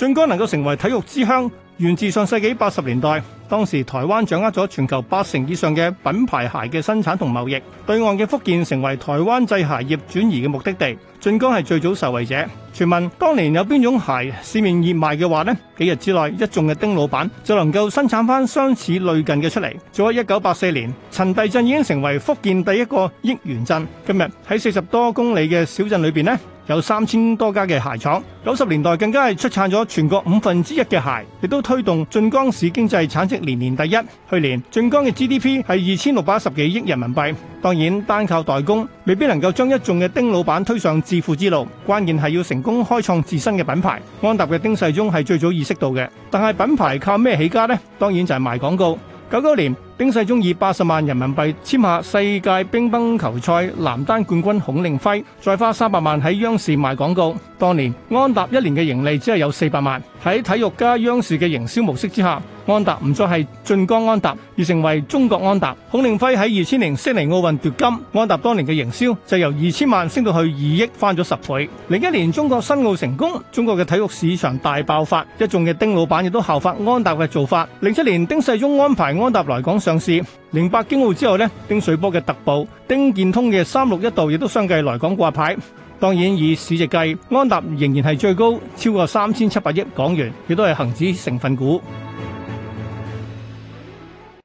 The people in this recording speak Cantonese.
晉江能夠成為體育之鄉，源自上世紀八十年代。當時台灣掌握咗全球八成以上嘅品牌鞋嘅生產同貿易，對岸嘅福建成為台灣製鞋業轉移嘅目的地。晉江係最早受惠者。傳聞當年有邊種鞋，市面熱賣嘅話呢，幾日之內一眾嘅丁老闆就能夠生產翻相似類近嘅出嚟。早喺一九八四年，陳埭鎮已經成為福建第一個億元鎮。今日喺四十多公里嘅小鎮裏邊呢，有三千多家嘅鞋廠，九十年代更加係出產咗全國五分之一嘅鞋，亦都推動晉江市經濟產值年年第一。去年晉江嘅 GDP 係二千六百一十幾億人民幣。當然，單靠代工未必能夠將一眾嘅丁老闆推上致富之路，關鍵係要成功開創自身嘅品牌。安踏嘅丁世忠係最早意識到嘅，但係品牌靠咩起家呢？當然就係賣廣告。九九年。丁世忠以八十萬人民幣簽下世界乒乓球賽男單冠軍孔令輝，再花三百萬喺央視賣廣告。當年安踏一年嘅盈利只係有四百萬。喺體育加央視嘅營銷模式之下，安踏唔再係晉江安踏，而成為中國安踏。孔令輝喺二千年悉尼奧運奪金，安踏當年嘅營銷就由二千萬升到去二億，翻咗十倍。零一年中國申奧成功，中國嘅體育市場大爆發，一眾嘅丁老闆亦都效法安踏嘅做法。零七年丁世忠安排安踏來港上上市零八京奧之後呢丁水波嘅特步、丁建通嘅三六一度亦都相繼來港掛牌。當然以市值計，安踏仍然係最高，超過三千七百億港元，亦都係恒指成分股。